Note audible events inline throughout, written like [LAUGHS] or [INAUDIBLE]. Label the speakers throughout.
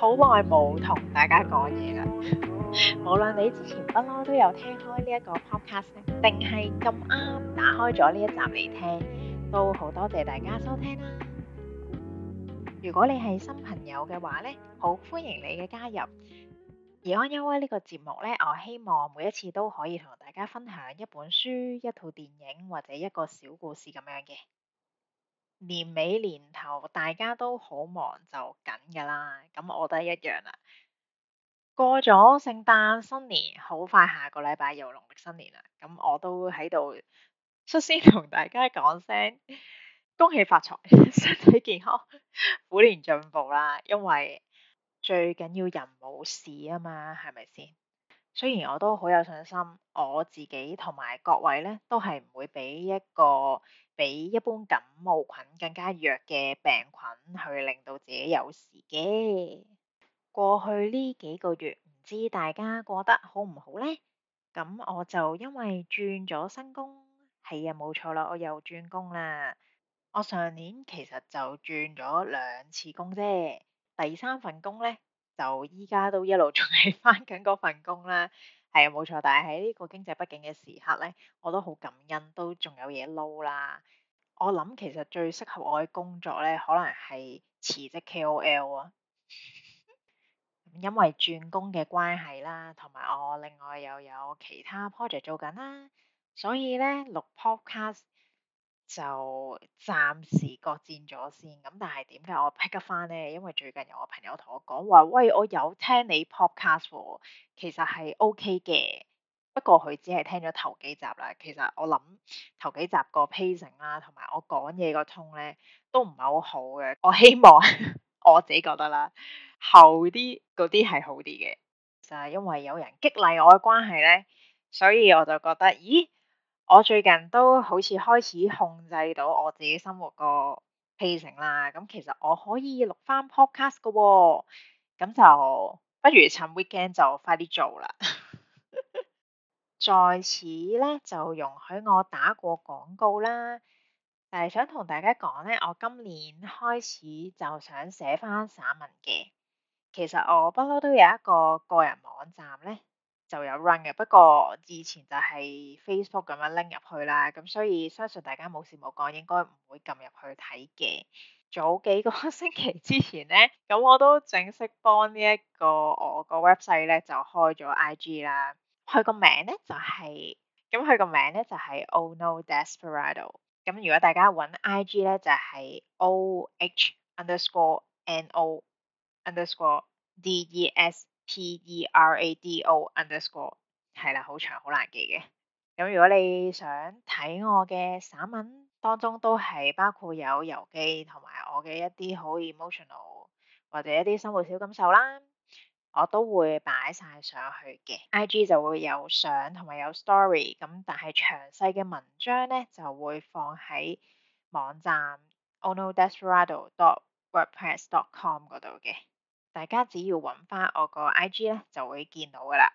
Speaker 1: 好耐冇同大家講嘢啦！無論你之前不嬲都有聽開呢一個 podcast 呢，定係咁啱打開咗呢一集嚟聽，都好多謝大家收聽啦！如果你係新朋友嘅話呢，好歡迎你嘅加入！夜安優威呢個節目呢，我希望每一次都可以同大家分享一本書、一套電影或者一個小故事咁樣嘅。年尾年頭大家都好忙就緊噶啦，咁我都係一樣啦。過咗聖誕新年，好快下個禮拜又農曆新年啦。咁我都喺度，率先同大家講聲恭喜發財，身體健康，虎年進步啦。因為最緊要人冇事啊嘛，係咪先？雖然我都好有信心，我自己同埋各位咧都係唔會俾一個。比一般感冒菌更加弱嘅病菌，去令到自己有事嘅。過去呢幾個月，唔知大家過得好唔好呢？咁我就因為轉咗新工，係啊，冇錯啦，我又轉工啦。我上年其實就轉咗兩次工啫，第三份工呢，就依家都一路仲係翻緊嗰份工啦。係啊，冇錯，但係喺呢個經濟不景嘅時刻咧，我都好感恩，都仲有嘢撈啦。我諗其實最適合我嘅工作咧，可能係辭職 KOL 啊。因為轉工嘅關係啦，同埋我另外又有其他 project 做緊啦、啊，所以咧錄 podcast，就暫時擱置咗先，咁但係點解我 pick 翻咧？因為最近有個朋友同我講話，喂，我有聽你 podcast，其實係 OK 嘅。不過佢只係聽咗頭幾集啦，其實我諗頭幾集個 pacing 啦，同埋我講嘢個通咧，都唔係好好嘅。我希望 [LAUGHS] 我自己覺得啦，後啲嗰啲係好啲嘅，就係因為有人激勵我嘅關係咧，所以我就覺得，咦？我最近都好似開始控制到我自己生活個 pacing 啦，咁其實我可以錄翻 podcast 噶，哦，咁就不如趁 weekend 就快啲做啦。 [LAUGHS] 在此咧就容許我打個廣告啦，誒，想同大家講咧，我今年開始就想寫翻散文嘅，其實我不嬲都有一個個人網站咧。就有 run 嘅，不過以前就係 Facebook 咁樣拎入去啦，咁所以相信大家冇事冇講，應該唔會撳入去睇嘅。早幾個星期之前咧，咁我都正式幫呢一個我個 website 咧就開咗 IG 啦。佢個名咧就係，咁佢個名咧就係 Oh No Desperado。咁如果大家揾 IG 咧就係 O H Underscore N O Underscore D E S Perado underscore 係啦，好長，好難記嘅。咁如果你想睇我嘅散文，當中都係包括有遊記同埋我嘅一啲好 emotional 或者一啲生活小感受啦，我都會擺晒上去嘅。IG 就會有相同埋有 story，咁但係詳細嘅文章咧就會放喺網站 ono desperado dot wordpress dot com 嗰度嘅。大家只要揾翻我個 I G 咧，就會見到噶啦。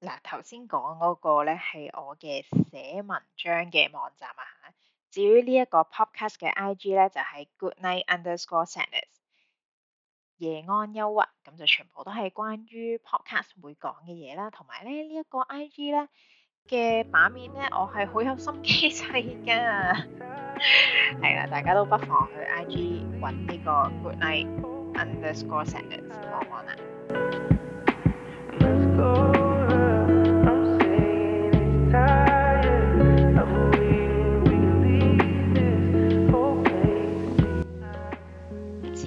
Speaker 1: 嗱、啊，頭先講嗰個咧係我嘅寫文章嘅網站啊吓。至於呢一個 Podcast 嘅 I G 咧，就係、是、Good Night Underscore Sadness。夜安憂鬱，咁就全部都係關於 Podcast 會講嘅嘢啦。同埋咧，這個、IG 呢一個 I G 咧嘅版面咧，我係好有心機砌噶。係 [LAUGHS] 啦，大家都不妨去 I G 揾呢個 Good Night。看看，至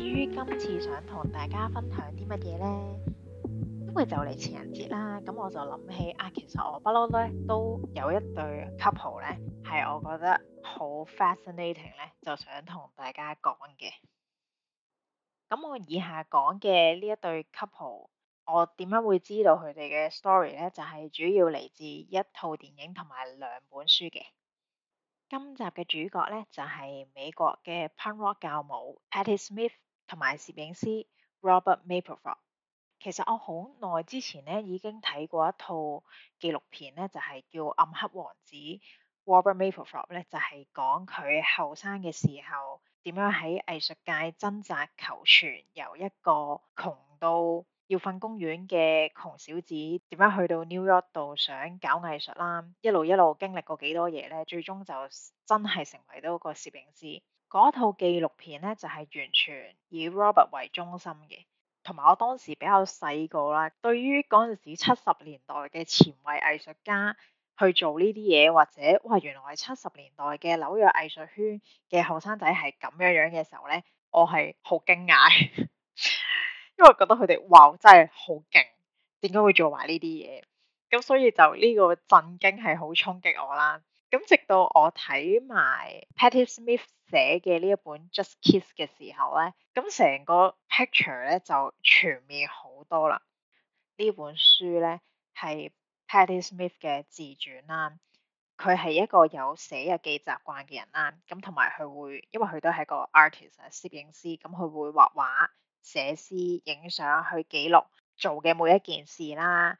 Speaker 1: 於今次想同大家分享啲乜嘢呢？因為就嚟情人節啦，咁我就諗起啊，其實我不嬲咧都有一對 couple 咧，係我覺得好 fascinating 咧，就想同大家講嘅。咁我以下講嘅呢一對 couple，我點樣會知道佢哋嘅 story 咧？就係、是、主要嚟自一套電影同埋兩本書嘅。今集嘅主角咧就係、是、美國嘅 Punk Rock 教母 Patti Smith 同埋攝影師 Robert Mapplethorpe。其實我好耐之前咧已經睇過一套紀錄片咧，就係、是、叫《暗黑王子》。Robert Mapplethorpe 咧就係、是、講佢後生嘅時候。點樣喺藝術界掙扎求存，由一個窮到要瞓公園嘅窮小子，點樣去到 New York 度想搞藝術啦，一路一路經歷過幾多嘢咧，最終就真係成為到個攝影師。嗰套紀錄片咧就係完全以 Robert 為中心嘅，同埋我當時比較細個啦，對於嗰陣時七十年代嘅前衛藝術家。去做呢啲嘢，或者哇，原來係七十年代嘅紐約藝術圈嘅後生仔係咁樣樣嘅時候咧，我係好驚訝，因為覺得佢哋哇真係好勁，點解會做埋呢啲嘢？咁所以就呢個震驚係好衝擊我啦。咁直到我睇埋 Patti Smith 寫嘅呢一本《Just Kiss》嘅時候咧，咁成個 picture 咧就全面好多啦。呢本書咧係。Patti Smith 嘅自傳啦，佢係一個有寫日記習慣嘅人啦，咁同埋佢會，因為佢都係一個 artist 啊攝影師，咁佢會畫畫、寫詩、影相去記錄做嘅每一件事啦。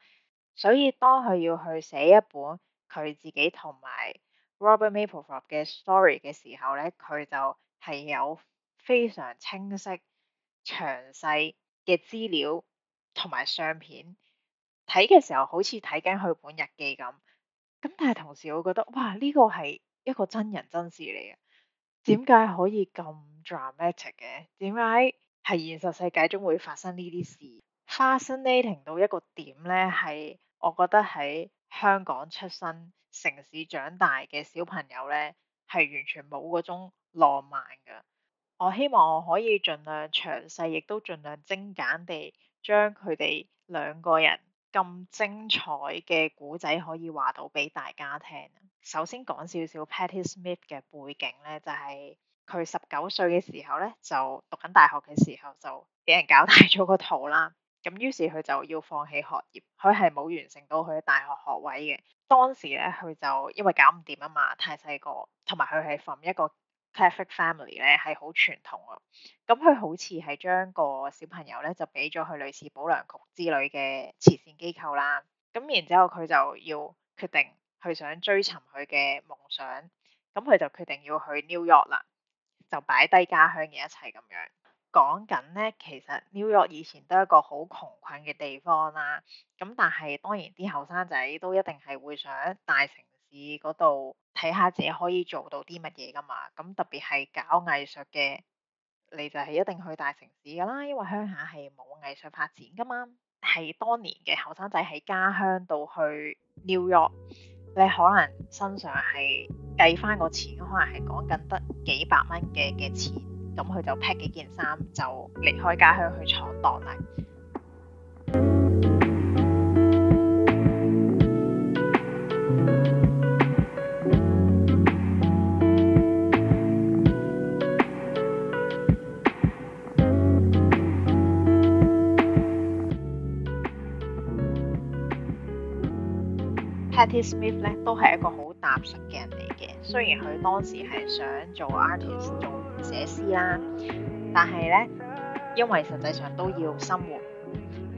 Speaker 1: 所以當佢要去寫一本佢自己同埋 Robert Mapplethorpe 嘅 story 嘅時候咧，佢就係有非常清晰、詳細嘅資料同埋相片。睇嘅時候好似睇緊佢本日記咁，咁但係同時我覺得哇，呢個係一個真人真事嚟嘅，點解可以咁 dramatic 嘅？點解係現實世界中會發生呢啲事？Fascinating 到一個點呢？係我覺得喺香港出生、城市長大嘅小朋友呢，係完全冇嗰種浪漫㗎。我希望我可以盡量詳細，亦都盡量精簡地將佢哋兩個人。咁精彩嘅古仔可以話到俾大家聽。首先講少少 Patti Smith 嘅背景咧，就係佢十九歲嘅時候咧，就讀緊大學嘅時候就俾人搞大咗個肚啦。咁於是佢就要放棄學業，佢係冇完成到佢嘅大學學位嘅。當時咧，佢就因為搞唔掂啊嘛，太細個，同埋佢係揾一個。Cafe Family 咧係好傳統咯，咁佢好似係將個小朋友咧就俾咗去類似保良局之類嘅慈善機構啦，咁然之後佢就要決定去想追尋佢嘅夢想，咁佢就決定要去 New York 啦，就擺低家鄉嘅一切咁樣。講緊咧，其實 New York 以前都係一個好窮困嘅地方啦，咁但係當然啲後生仔都一定係會想大城嗰度睇下自己可以做到啲乜嘢噶嘛，咁特別係搞藝術嘅，你就係一定去大城市噶啦，因為鄉下係冇藝術發展噶嘛。係當年嘅後生仔喺家鄉度去 New York，你可能身上係計翻個錢，可能係講緊得幾百蚊嘅嘅錢，咁佢就 pack 幾件衫就離開家鄉去闖蕩啦。 [NOISE] T. Smith 咧都係一個好踏實嘅人嚟嘅，雖然佢當時係想做 artist 做寫詩啦，但係咧因為實際上都要生活，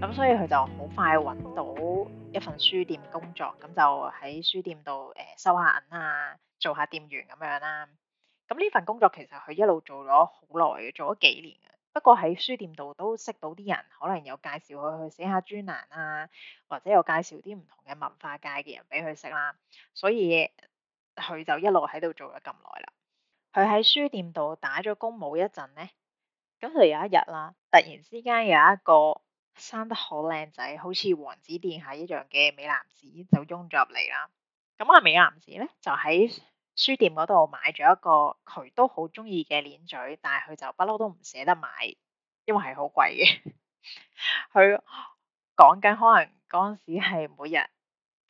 Speaker 1: 咁所以佢就好快揾到一份書店工作，咁就喺書店度誒收下銀啊，做下店員咁樣啦。咁呢份工作其實佢一路做咗好耐，做咗幾年。不過喺書店度都識到啲人，可能有介紹佢去寫下專欄啊，或者有介紹啲唔同嘅文化界嘅人俾佢識啦，所以佢就一路喺度做咗咁耐啦。佢喺書店度打咗工冇一陣咧，咁就有一日啦，突然之間有一個生得好靚仔，好似王子殿下一樣嘅美男子就湧咗入嚟啦。咁啊美男子咧就係。書店嗰度買咗一個佢都好中意嘅鏈嘴，但係佢就不嬲都唔捨得買，因為係好貴嘅。佢講緊可能嗰陣時係每日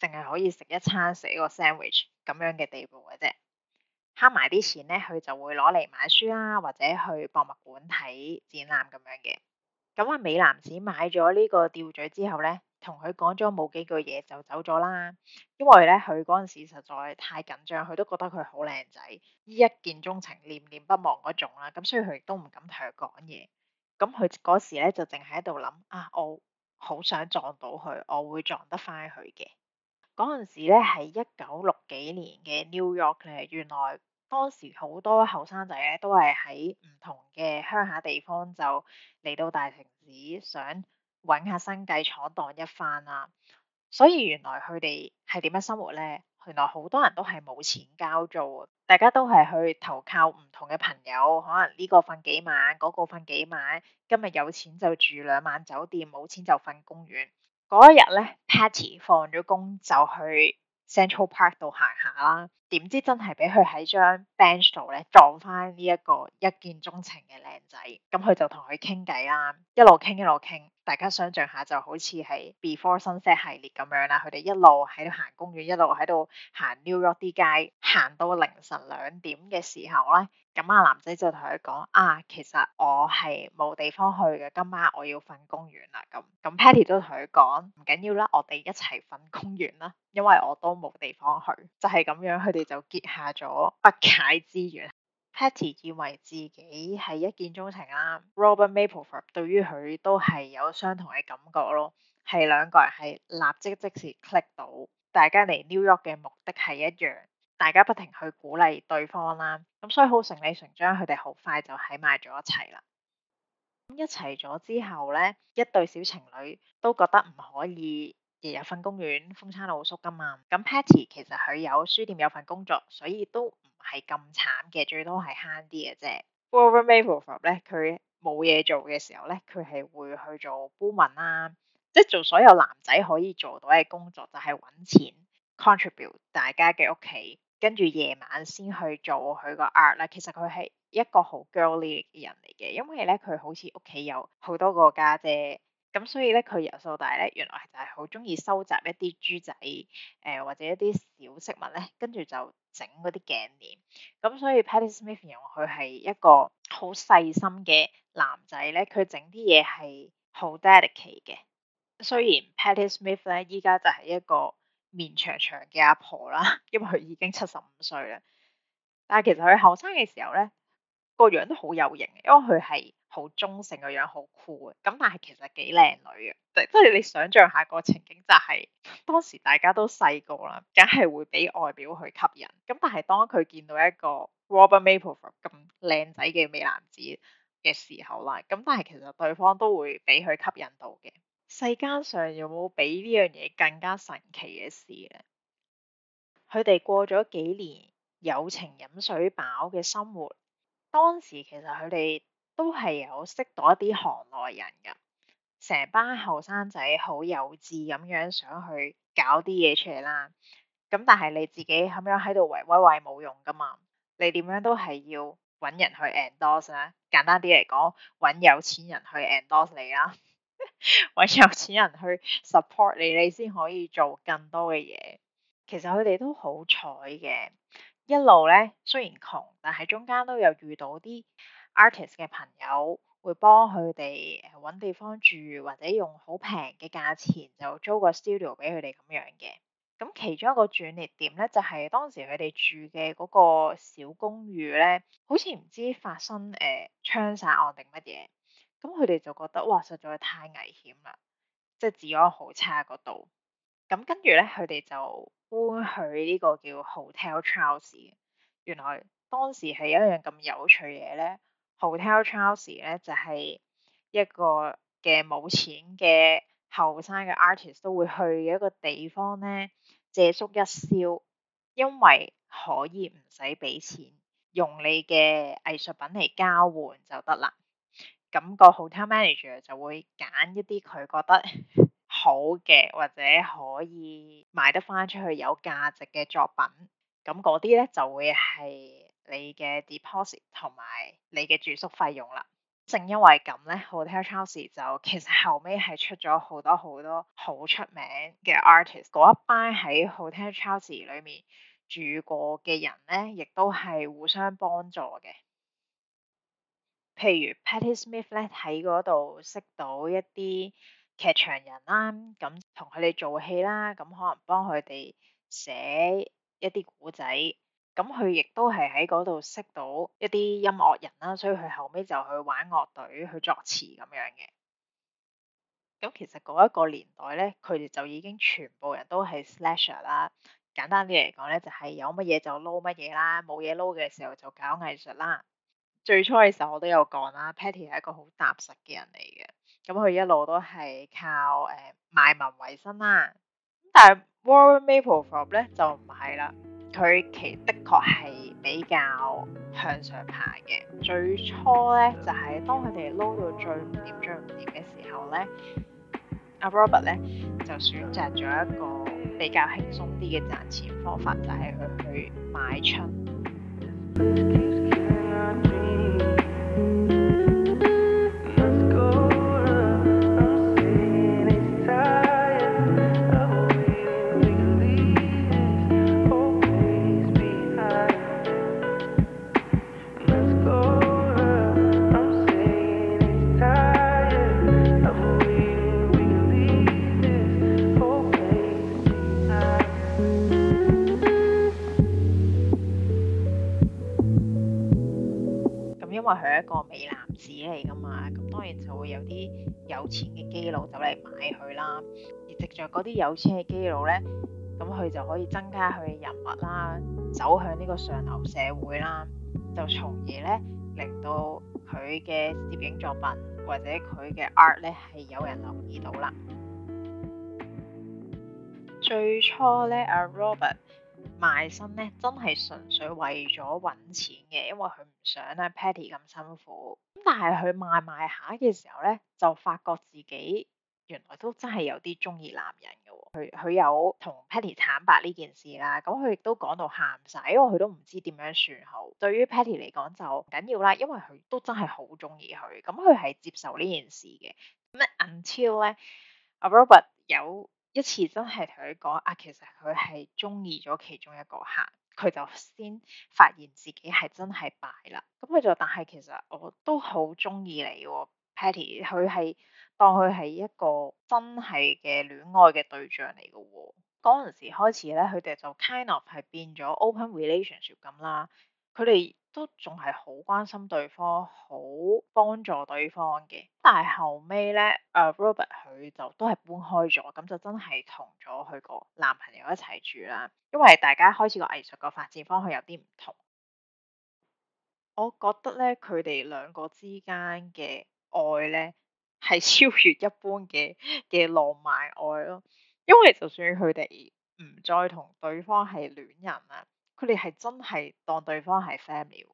Speaker 1: 淨係可以食一餐食一個 sandwich 咁樣嘅地步嘅啫。慳埋啲錢咧，佢就會攞嚟買書啦，啊，或者去博物館睇展覽咁樣嘅。咁啊，美男子買咗呢個吊墜之後咧。同佢講咗冇幾句嘢就走咗啦，因為咧佢嗰陣時實在太緊張，佢都覺得佢好靚仔，一見鍾情、念念不忘嗰種啦，咁所以佢亦都唔敢同佢講嘢。咁佢嗰時咧就淨係喺度諗啊，我好想撞到佢，我會撞得返佢嘅。嗰陣時咧係一九六幾年嘅 New York 咧，原來當時好多後生仔咧都係喺唔同嘅鄉下地方就嚟到大城市想搵下生計闖蕩一番啦，啊，所以原來佢哋係點樣生活咧？原來好多人都係冇錢交租，大家都係去投靠唔同嘅朋友，可能呢個瞓幾晚，嗰、嗰個瞓幾晚。今日有錢就住兩晚酒店，冇錢就瞓公園。嗰一日咧，Patty 放咗工就去 Central Park 度行下啦。點知真係俾佢喺張 bench 度咧撞翻呢一個一見鍾情嘅靚仔，咁佢就同佢傾偈啦，一路傾一路傾。大家想像下，就好似喺 Before Sunset 系列咁樣啦，佢哋一路喺度行公園，一路喺度行 New York 啲街，行到凌晨兩點嘅時候咧，咁、那、阿、個、男仔就同佢講：啊，其實我係冇地方去嘅，今晚我要瞓公園啦。咁咁，Patty 都同佢講唔緊要啦，我哋一齊瞓公園啦，因為我都冇地方去。就係、是、咁樣，佢哋就結下咗不解之緣。Patty 以為自己係一見鍾情啦，Robert Mapleford 對於佢都係有相同嘅感覺咯，係兩個人係立即即時 click 到，大家嚟 New York 嘅目的係一樣，大家不停去鼓勵對方啦，咁所以好順理成章，佢哋好快就喺埋咗一齊啦。咁一齊咗之後咧，一對小情侶都覺得唔可以。日日瞓公園風餐露宿噶嘛，咁 Patty 其實佢有書店有份工作，所以都唔係咁慘嘅，最多係慳啲嘅啫。Over Maple c 咧，佢冇嘢做嘅時候咧，佢係會去做 boman 啦，即係做所有男仔可以做到嘅工作，就係、是、揾錢，contribute 大家嘅屋企，跟住夜晚先去做佢個 art 啦。其實佢係一個好 girlly 嘅人嚟嘅，因為咧佢好似屋企有好多個家姐，姐。咁所以咧，佢由細到大咧，原來就係好中意收集一啲珠仔，誒、呃、或者一啲小飾物咧，跟住就整嗰啲頸鏈。咁所以 Patti Smith 形容佢係一個好細心嘅男仔咧，佢整啲嘢係好 dedicated 嘅。雖然 Patti Smith 咧依家就係一個面長長嘅阿婆啦，因為佢已經七十五歲啦。但係其實佢後生嘅時候咧，個樣都好有型，因為佢係。好忠誠嘅樣，好酷嘅，咁但係其實幾靚女嘅，即係你想象下個情景就係、是、當時大家都細個啦，梗係會俾外表去吸引，咁但係當佢見到一個 Robert Maple 咁靚仔嘅美男子嘅時候啦，咁但係其實對方都會俾佢吸引到嘅。世間上有冇比呢樣嘢更加神奇嘅事咧？佢哋過咗幾年友情飲水飽嘅生活，當時其實佢哋。都係有識到一啲行內人噶，成班後生仔好幼稚咁樣想去搞啲嘢出嚟啦。咁但係你自己咁樣喺度威威威冇用噶嘛，你點樣都係要揾人去 endorse 咧。簡單啲嚟講，揾有錢人去 endorse 你啦，揾 [LAUGHS] 有錢人去 support 你，你先可以做更多嘅嘢。其實佢哋都好彩嘅，一路咧雖然窮，但係中間都有遇到啲。artist 嘅朋友會幫佢哋揾地方住，或者用好平嘅價錢就租個 studio 俾佢哋咁樣嘅。咁其中一個轉捩點咧，就係、是、當時佢哋住嘅嗰個小公寓咧，好似唔知發生誒槍殺案定乜嘢，咁佢哋就覺得哇，實在太危險啦！即係治安好差嗰度。咁跟住咧，佢哋就搬去呢個叫 Hotel Charles。原來當時係一樣咁有趣嘢咧。Hotel Chelsea 咧就係、是、一個嘅冇錢嘅後生嘅 artist 都會去一個地方咧，借宿一宵，因為可以唔使俾錢，用你嘅藝術品嚟交換就得啦。咁、那個 hotel manager 就會揀一啲佢覺得好嘅或者可以賣得翻出去有價值嘅作品，咁嗰啲咧就會係。你嘅 deposit 同埋你嘅住宿費用啦。正因為咁咧，Hotel Charles 就其實後尾係出咗好多好多好出名嘅 artist。嗰一班喺 Hotel Charles 裏面住過嘅人咧，亦都係互相幫助嘅。譬如 Patti Smith 咧喺嗰度識到一啲劇場人啦、啊，咁同佢哋做戲啦，咁可能幫佢哋寫一啲故仔。咁佢亦都係喺嗰度識到一啲音樂人啦，所以佢後尾就去玩樂隊、去作詞咁樣嘅。咁其實嗰一個年代咧，佢哋就已經全部人都係 slasher 啦。簡單啲嚟講咧，就係、是、有乜嘢就撈乜嘢啦，冇嘢撈嘅時候就搞藝術啦。最初嘅時候我都有講啦，Patty 係一個好踏實嘅人嚟嘅，咁佢一路都係靠誒、呃、賣文為生啦。但係 Warren Maplefrob 咧就唔係啦。佢其的確係比較向上爬嘅。最初呢，就係、是、當佢哋撈到最唔掂最唔掂嘅時候呢，阿 Robert 呢就選擇咗一個比較輕鬆啲嘅賺錢方法，就係、是、佢去買春。因為佢係一個美男子嚟㗎嘛，咁當然就會有啲有錢嘅基佬走嚟買佢啦。而藉著嗰啲有錢嘅基佬咧，咁佢就可以增加佢嘅人物啦，走向呢個上流社會啦，就從而咧令到佢嘅攝影作品或者佢嘅 art 咧係有人留意到啦。最初咧，阿 Robert 賣身咧，真係純粹為咗揾錢嘅，因為佢想啊，Patty 咁辛苦，咁但係佢賣賣下嘅時候咧，就發覺自己原來都真係有啲中意男人嘅喎。佢佢有同 Patty 坦白呢件事啦，咁佢亦都講到喊晒，因為佢都唔知點樣算好。對於 Patty 嚟講就唔緊要啦，因為佢都真係好中意佢，咁佢係接受呢件事嘅。咁 until 咧，Robert 有一次真係同佢講啊，其實佢係中意咗其中一個客。佢就先發現自己係真係敗啦，咁佢就，但係其實我都好中意你喎、哦，Patty。佢係當佢係一個真係嘅戀愛嘅對象嚟嘅喎，嗰、那、陣、個、時開始呢，佢哋就 kind of 係變咗 open relationship 咁啦。佢哋都仲係好關心對方，好幫助對方嘅。但係後尾咧，誒 Robert 佢就都係搬開咗，咁就真係同咗佢個男朋友一齊住啦。因為大家開始個藝術個發展方向有啲唔同。我覺得咧，佢哋兩個之間嘅愛咧，係超越一般嘅嘅浪漫愛咯。因為就算佢哋唔再同對方係戀人啊。佢哋係真係當對方係 family。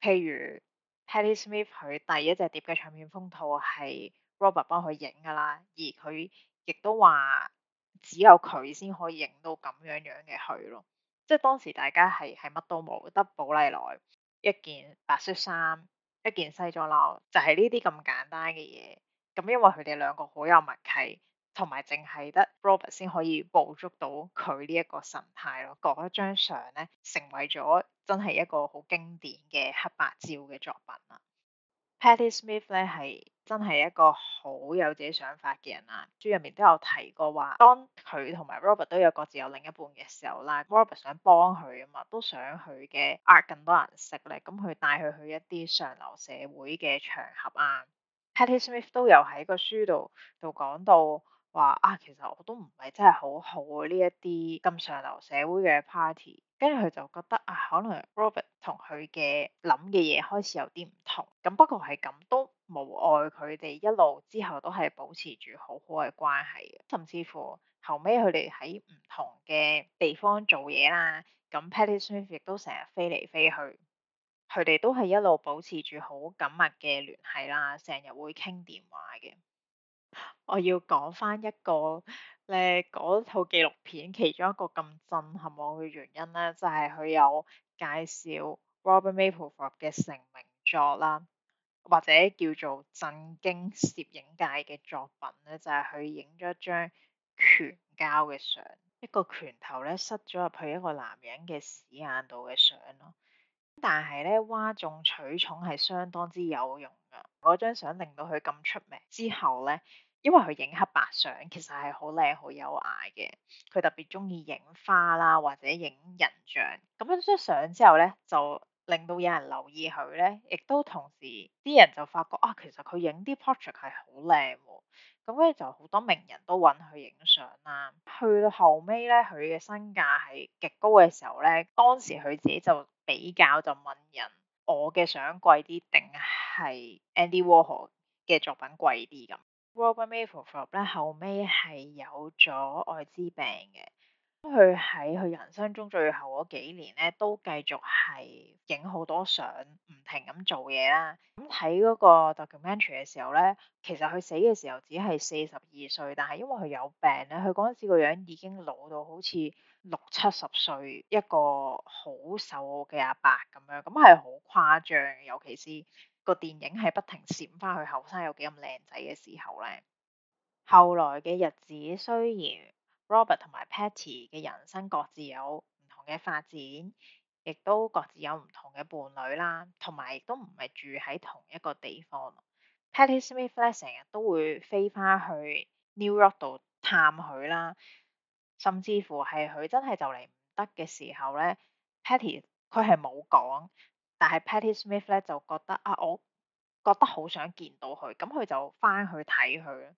Speaker 1: 譬如 Patti Smith 佢第一隻碟嘅唱片封套係 Robert 幫佢影㗎喇，而佢亦都話只有佢先可以影到咁樣樣嘅佢咯。即係當時大家係係乜都冇，得寶麗來一件白色衫、一件西裝褸，就係呢啲咁簡單嘅嘢。咁因為佢哋兩個好有默契。同埋淨係得 Robert 先可以捕捉到佢呢一個神態咯，嗰一張相咧成為咗真係一個好經典嘅黑白照嘅作品啦。Patti Smith 咧係真係一個好有自己想法嘅人啊，書入面都有提過話，當佢同埋 Robert 都有各自有另一半嘅時候啦，Robert 想幫佢啊嘛，都想佢嘅 Art 更多人識咧，咁佢帶佢去一啲上流社會嘅場合啊。Patti Smith 都有喺個書度度講到。話啊，其實我都唔係真係好好呢一啲咁上流社會嘅 party，跟住佢就覺得啊，可能 Robert 同佢嘅諗嘅嘢開始有啲唔同，咁不過係咁都無礙佢哋一路之後都係保持住好好嘅關係，甚至乎後尾佢哋喺唔同嘅地方做嘢啦，咁 Patty Smith 亦都成日飛嚟飛去，佢哋都係一路保持住好緊密嘅聯繫啦，成日會傾電話嘅。我要講翻一個咧，嗰套紀錄片其中一個咁震撼我嘅原因咧，就係佢有介紹 Robert Mapplethorpe 嘅成名作啦，或者叫做震驚攝影界嘅作品咧，就係佢影咗一張拳交嘅相，一個拳頭咧塞咗入去一個男人嘅屎眼度嘅相咯。但係咧，嘩眾取寵係相當之有用噶。嗰張相令到佢咁出名之後咧，因為佢影黑白相，其實係好靚、好優雅嘅。佢特別中意影花啦，或者影人像。咁張相之後咧，就令到有人留意佢咧，亦都同時啲人就發覺啊，其實佢影啲 portrait 係好靚。咁咧就好多名人都揾佢影相啦。去到後尾咧，佢嘅身價係極高嘅時候咧，當時佢自己就。比較就問人，我嘅相貴啲定係 Andy Warhol 嘅作品貴啲咁。Robert Mapplethorpe 咧後尾係有咗愛滋病嘅。佢喺佢人生中最後嗰幾年咧，都繼續係影好多相，唔停咁做嘢啦。咁睇嗰個 documentary 嘅時候咧，其實佢死嘅時候只係四十二歲，但係因為佢有病咧，佢嗰陣時個樣已經老到好似六七十歲一個好瘦嘅阿伯咁樣，咁係好誇張，尤其是個電影係不停閃翻去後生有幾咁靚仔嘅時候咧，後來嘅日子雖然。Robert 同埋 Patty 嘅人生各自有唔同嘅發展，亦都各自有唔同嘅伴侶啦，同埋亦都唔係住喺同一個地方。Patty Smith 咧成日都會飛翻去 New York 度探佢啦，甚至乎係佢真係就嚟唔得嘅時候咧，Patty 佢係冇講，但係 Patty Smith 咧就覺得啊，我覺得好想見到佢，咁佢就翻去睇佢。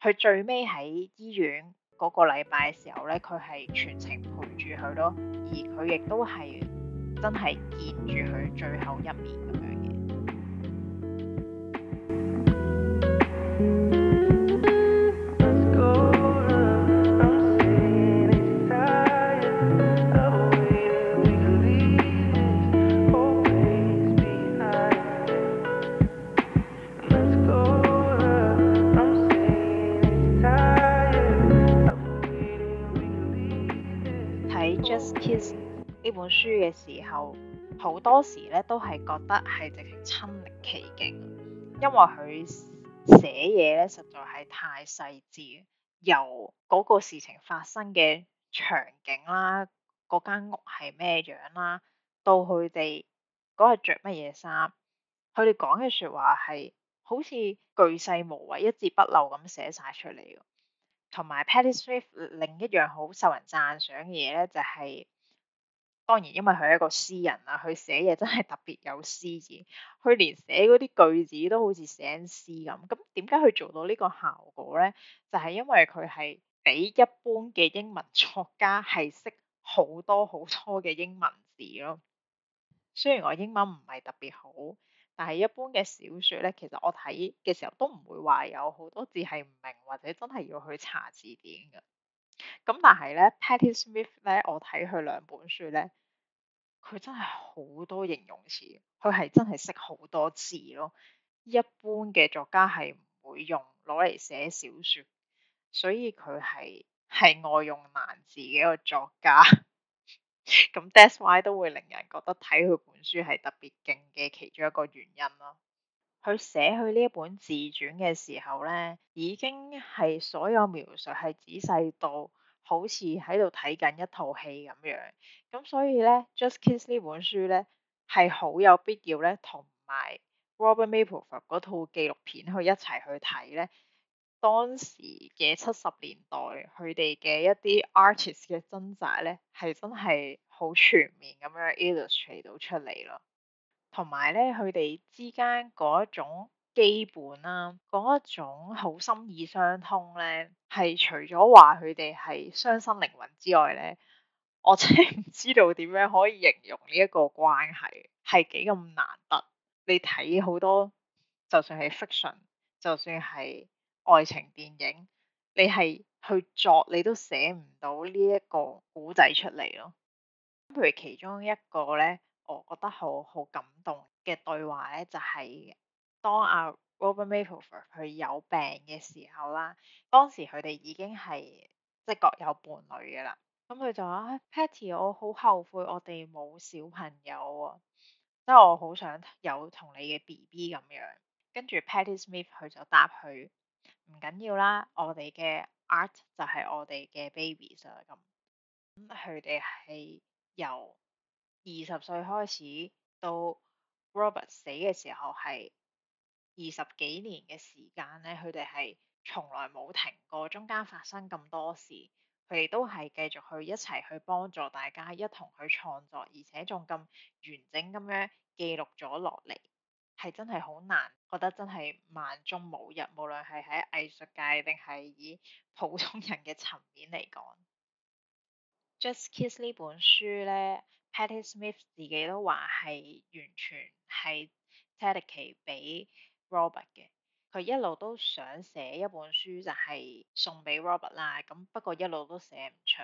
Speaker 1: 佢最尾喺醫院。嗰個禮拜嘅時候咧，佢係全程陪住佢咯，而佢亦都係真係見住佢最後一面咁樣。時候好多時咧，都係覺得係直情親歷其境，因為佢寫嘢咧實在係太細緻，由嗰個事情發生嘅場景啦，嗰間屋係咩樣啦，到佢哋嗰日着乜嘢衫，佢哋講嘅說話係好似巨細無遺、一字不漏咁寫晒出嚟嘅。同埋，Patty Swift 另一樣好受人讚賞嘅嘢咧，就係、是。當然，因為佢係一個詩人啊，佢寫嘢真係特別有詩意，佢連寫嗰啲句子都好似寫詩咁。咁點解佢做到呢個效果咧？就係因為佢係比一般嘅英文作家係識好多好多嘅英文字咯。雖然我英文唔係特別好，但係一般嘅小説咧，其實我睇嘅時候都唔會話有好多字係唔明，或者真係要去查字典㗎。咁但係咧，Patti Smith 咧，我睇佢兩本書咧，佢真係好多形容詞，佢係真係識好多字咯。一般嘅作家係唔會用攞嚟寫小說，所以佢係係愛用難字嘅一個作家。咁 That's why 都會令人覺得睇佢本書係特別勁嘅其中一個原因咯。佢寫佢呢一本自傳嘅時候咧，已經係所有描述係仔細到好似喺度睇緊一套戲咁樣。咁所以咧，Just Kids 呢本書咧係好有必要咧，同埋 Robert Mapplethorpe 嗰套紀錄片去一齊去睇咧，當時嘅七十年代佢哋嘅一啲 artist 嘅掙扎咧，係真係好全面咁樣 illustrate 到出嚟咯。同埋咧，佢哋之間嗰一種基本啦、啊，嗰一種好心意相通咧，係除咗話佢哋係雙生靈魂之外咧，我真係唔知道點樣可以形容呢一個關係係幾咁難得。你睇好多，就算係 fiction，就算係愛情電影，你係去作你都寫唔到呢一個古仔出嚟咯、哦。譬如其中一個咧。我覺得好好感動嘅對話咧，就係當阿 Robert Mapplethorpe 佢有病嘅時候啦，當時佢哋已經係即係各有伴侶嘅啦。咁佢就話：Patti，我好後悔我哋冇小朋友啊，即係我好想有同你嘅 BB 咁樣。跟住 Patti Smith 佢就答佢：唔緊要啦，我哋嘅 Art 就係我哋嘅 babies 啊咁。咁佢哋係由二十歲開始到 Robert 死嘅時候係二十幾年嘅時間咧，佢哋係從來冇停過，中間發生咁多事，佢哋都係繼續去一齊去幫助大家，一同去創作，而且仲咁完整咁樣記錄咗落嚟，係真係好難，覺得真係萬中無一，無論係喺藝術界定係以普通人嘅層面嚟講，Just Kids 呢本書咧。Patty Smith 自己都話係完全係 dedicate 俾 Robert 嘅，佢一路都想寫一本書就係送俾 Robert 啦，咁不過一路都寫唔出。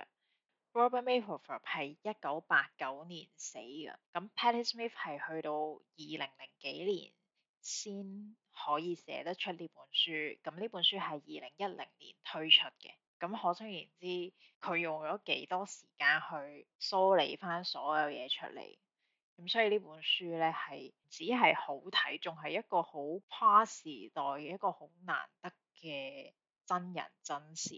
Speaker 1: Robert Mapplethorpe 係一九八九年死嘅，咁 Patty Smith 係去到二零零幾年先可以寫得出呢本書，咁呢本書係二零一零年推出嘅。咁可想而知，佢用咗幾多時間去梳理翻所有嘢出嚟，咁、嗯、所以呢本書咧係只係好睇，仲係一個好跨時代嘅一個好難得嘅真人真事。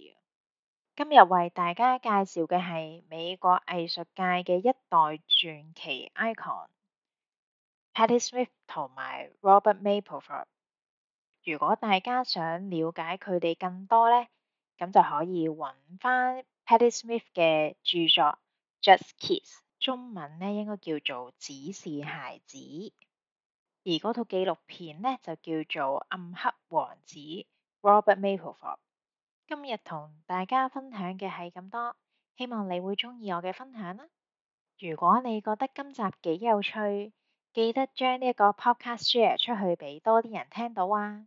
Speaker 1: 今日為大家介紹嘅係美國藝術界嘅一代傳奇 icon Patti Smith 同埋 Robert Mapplethorpe，如果大家想了解佢哋更多咧，咁就可以揾返 Patti Smith 嘅著作《Just Kids》，中文呢應該叫做《只是孩子》。而嗰套紀錄片呢就叫做《暗黑王子》（Robert Mapplethorpe）。今日同大家分享嘅係咁多，希望你會鍾意我嘅分享啦。如果你覺得今集幾有趣，記得將呢一個 Podcast share 出去俾多啲人聽到啊！